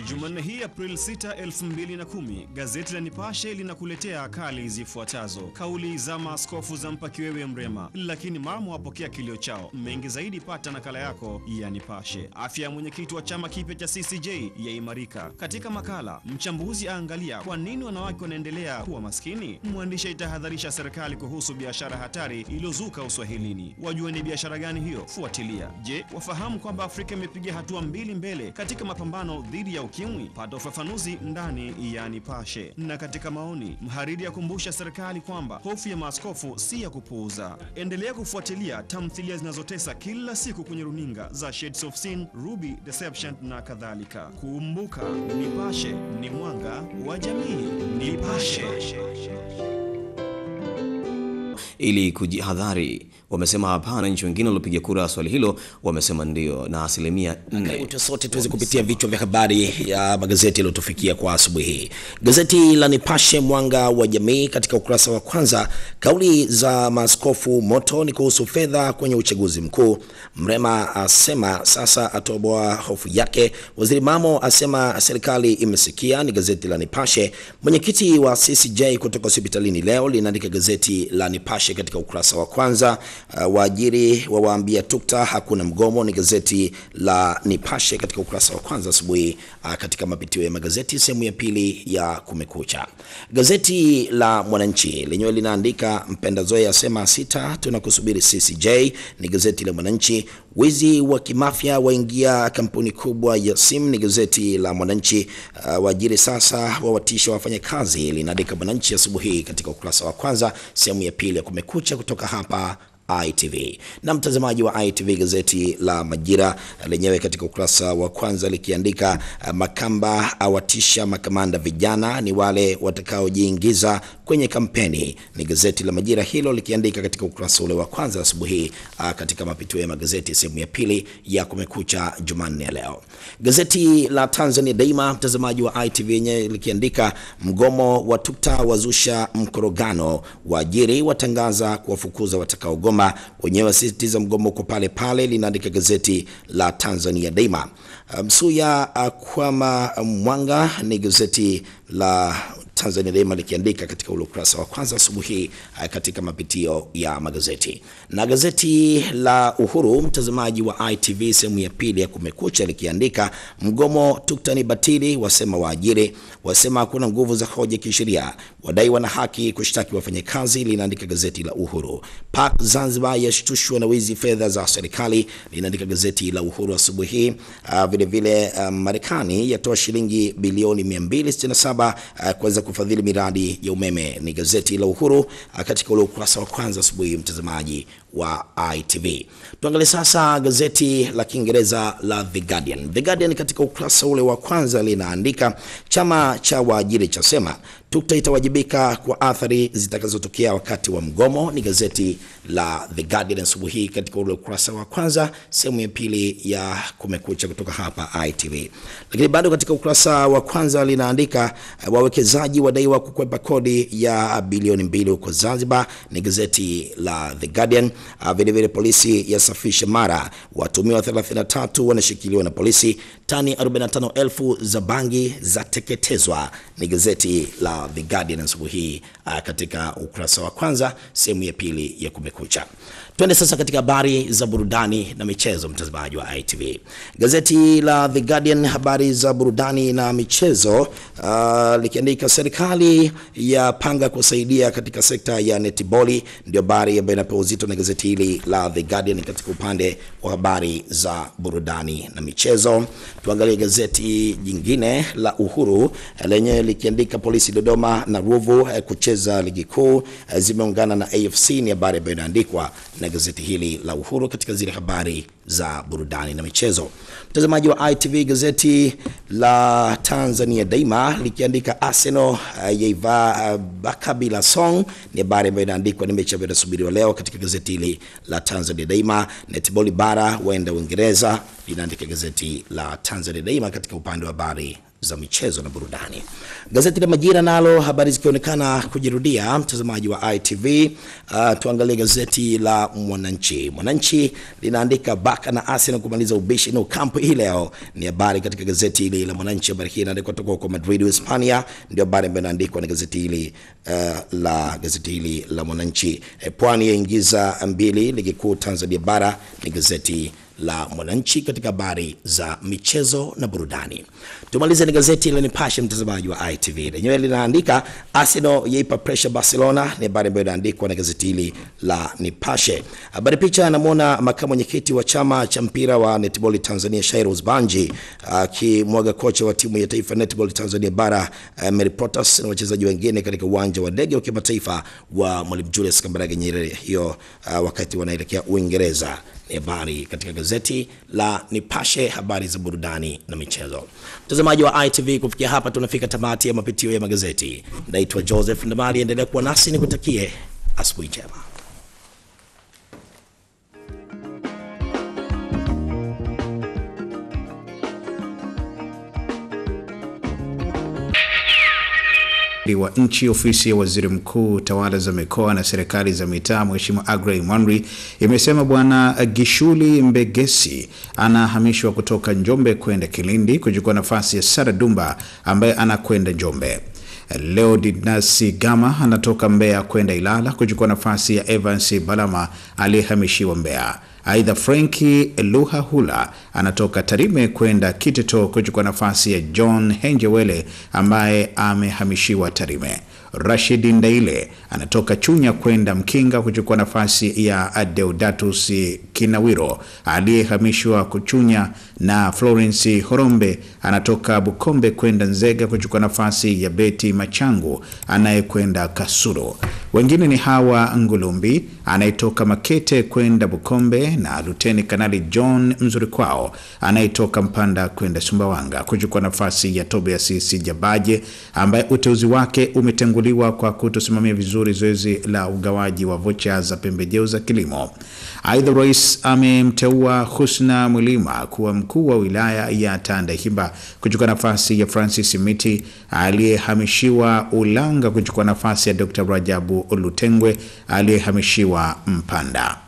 Jumanne hii april 6, 2010, gazeti la Nipashe linakuletea kali zifuatazo: kauli za maaskofu zampa kiwewe Mrema, lakini mamu apokea kilio chao. Mengi zaidi pata nakala yako ya Nipashe. Afya ya mwenyekiti wa chama kipya cha CCJ yaimarika. Katika makala mchambuzi aangalia kwa nini wanawake wanaendelea kuwa maskini. Mwandishi aitahadharisha serikali kuhusu biashara hatari iliyozuka Uswahilini. Wajua ni biashara gani hiyo? Fuatilia. Je, wafahamu kwamba Afrika imepiga hatua mbili mbele katika mapambano dhidi ya ukimwi? Pata ufafanuzi ndani ya Nipashe. Na katika maoni, mhariri akumbusha serikali kwamba hofu ya maaskofu si ya kupuuza. Endelea kufuatilia tamthilia zinazotesa kila siku kwenye runinga za Shades of Sin, Ruby Deception na kadhalika. Kumbuka, Nipashe ni mwanga wa jamii. Nipashe ili kujihadhari. Wamesema hapana. Nchi wengine waliopiga kura swali hilo wamesema ndio, na asilimia nne. Sote tuweze kupitia vichwa vya habari ya magazeti yaliyotufikia kwa asubuhi hii. Gazeti la Nipashe Mwanga wa Jamii, katika ukurasa wa kwanza, kauli za maaskofu moto ni kuhusu fedha kwenye uchaguzi mkuu. Mrema asema sasa atoboa hofu yake. Waziri Mamo asema serikali imesikia. Ni gazeti la Nipashe. Mwenyekiti wa CCJ kutoka hospitalini leo linaandika gazeti la Nipashe Nipashe katika ukurasa wa kwanza. Uh, waajiri wawaambia tukta hakuna mgomo, ni gazeti la Nipashe katika ukurasa wa kwanza asubuhi, uh, katika mapitio ya magazeti sehemu ya pili ya Kumekucha. Gazeti la Mwananchi lenyewe linaandika mpenda Zoe asema sita tunakusubiri CCJ, ni gazeti la Mwananchi. Wizi wa kimafya waingia kampuni kubwa ya simu, ni gazeti la Mwananchi. Uh, waajiri sasa wawatisha kazi, linaandika Mwananchi asubuhi katika ukurasa wa kwanza sehemu ya pili ya Kumekucha. Kumekucha kutoka hapa ITV. Na mtazamaji wa ITV, gazeti la Majira lenyewe katika ukurasa wa kwanza likiandika eh, Makamba awatisha makamanda, vijana ni wale watakaojiingiza kwenye kampeni. Ni gazeti la Majira hilo likiandika katika ukurasa ule wa kwanza asubuhi, eh, katika mapitio ya magazeti sehemu ya pili ya Kumekucha Jumanne leo. Gazeti la Tanzania Daima, mtazamaji wa ITV, yenyewe likiandika mgomo wa tukta wazusha mkorogano, waajiri watangaza kuwafukuza watakaogoma Dodoma, wenyewe wasisitiza mgomo uko pale pale, linaandika gazeti la Tanzania Daima. Msuya akwama uh, Mwanga ni gazeti la Tanzania Daima likiandika katika ule ukurasa wa kwanza asubuhi hii eh, katika mapitio ya magazeti. Na gazeti la Uhuru mtazamaji wa ITV sehemu ya pili ya kumekucha likiandika mgomo tuktani batili, wasema waajiri, wasema hakuna nguvu za hoja kisheria, wadai wana haki kushtaki wafanyakazi, linaandika gazeti la Uhuru. Park Zanzibar yashtushwa na wizi fedha za serikali, linaandika gazeti la Uhuru asubuhi hii. Ah, vile vile uh, Marekani yatoa shilingi bilioni 267 uh, ah, kuweza kufadhili miradi ya umeme. Ni gazeti la Uhuru uh, katika ule ukurasa wa kwanza asubuhi, mtazamaji wa ITV. Tuangalie sasa gazeti la Kiingereza la The Guardian. The Guardian katika ukurasa ule wa kwanza linaandika chama cha waajiri chasema TUCTA itawajibika kwa athari zitakazotokea wakati wa mgomo. Ni gazeti la The Guardian asubuhi hii katika ule ukurasa wa kwanza, sehemu ya pili ya Kumekucha kutoka hapa ITV. Lakini bado katika ukurasa wa kwanza linaandika uh, wawekezaji wadaiwa kukwepa kodi ya bilioni mbili huko Zanzibar, ni gazeti la The Guardian. Vilevile ah, polisi yasafisha Mara, watumiwa 33 wanashikiliwa na polisi, tani 45,000 za bangi za teketezwa ni gazeti la The Guardian asubuhi hii ah, katika ukurasa wa kwanza, sehemu ya pili ya Kumekucha. Twende sasa katika habari za burudani na michezo, mtazamaji wa ITV. Gazeti la The Guardian, habari za burudani na michezo, uh, likiandika serikali ya panga kusaidia katika sekta ya netiboli, ndio habari ambayo inapewa uzito na gazeti hili la The Guardian katika upande wa habari za burudani na michezo. Tuangalie gazeti jingine la Uhuru eh, lenye likiandika polisi Dodoma na Ruvu eh, kucheza ligi kuu eh, zimeungana na AFC, ni habari ambayo inaandikwa na gazeti hili la Uhuru katika zile habari za burudani na michezo. Mtazamaji wa ITV, gazeti la Tanzania Daima likiandika Arsenal uh, eh, yaiva uh, eh, Bakabila Song ni habari ambayo inaandikwa, ni mechi ambayo inasubiriwa leo katika gazeti hili la Tanzania Daima. Netball bara waenda Uingereza, linaandika gazeti la Tanzania Daima katika upande wa habari za michezo na burudani. Gazeti la Majira nalo habari zikionekana kujirudia, mtazamaji wa ITV. Uh, tuangalie gazeti la Mwananchi. Mwananchi linaandika Baka na Arsenal kumaliza ubishi na ukampo hii leo, ni habari katika gazeti hili la Mwananchi. Habari hii inaandikwa kutoka kwa Madrid Hispania, ndio habari ambayo inaandikwa na gazeti hili uh, la gazeti hili la Mwananchi. E, Pwani yaingiza mbili ligi kuu Tanzania bara, ni gazeti la Mwananchi katika habari za michezo na burudani. Tumalize ni gazeti la Nipashe, mtazamaji wa ITV, lenyewe linaandika Arsenal yaipa pressure Barcelona, ni habari ambayo inaandikwa na gazeti hili la Nipashe. Habari picha, anamwona makamu mwenyekiti wa chama cha mpira wa netball Tanzania Shairus Banji akimwaga kocha wa timu ya taifa netball Tanzania bara eh, Mary Potas na wachezaji wengine katika uwanja wa ndege wa kimataifa wa Mwalimu Julius Kambarage Nyerere, hiyo ah, wakati wanaelekea Uingereza. Ni habari katika gazeti la Nipashe, habari za burudani na michezo. Mtazamaji wa ITV, kufikia hapa tunafika tamati ya mapitio ya magazeti. Naitwa Joseph Ndamali, endelea kuwa nasi, nikutakie asubuhi njema. mshauri wa nchi ofisi ya waziri mkuu tawala za mikoa na serikali za mitaa Mheshimiwa Agrey Mwanri imesema Bwana Gishuli Mbegesi anahamishwa kutoka Njombe kwenda Kilindi kuchukua nafasi ya Sara Dumba ambaye anakwenda Njombe. Leo Dinasi Gama anatoka Mbeya kwenda Ilala kuchukua nafasi ya Evans Balama aliyehamishiwa Mbeya. Aidha, Frenki Luhahula anatoka Tarime kwenda Kiteto kuchukua nafasi ya John Henjewele ambaye amehamishiwa Tarime. Rashidi Ndaile anatoka Chunya kwenda Mkinga kuchukua nafasi ya Deodatus Kinawiro aliyehamishwa Kuchunya, na Florence Horombe anatoka Bukombe kwenda Nzega kuchukua nafasi ya Beti Machangu anayekwenda Kasulu. Wengine ni Hawa Ngulumbi anayetoka Makete kwenda Bukombe na Luteni Kanali John mzuri kwao anayetoka Mpanda kwenda Sumbawanga kuchukua nafasi ya Tobiasisi Jabaje ambaye uteuzi wake umetenguliwa kwa kutosimamia vizuri zoezi la ugawaji wa vocha za pembejeo za kilimo. Aidha, rais amemteua Husna Mwilima kuwa mkuu wa wilaya ya Tandahimba kuchukua nafasi ya Francis Miti aliyehamishiwa Ulanga kuchukua nafasi ya Dr. Rajabu Lutengwe aliyehamishiwa Mpanda.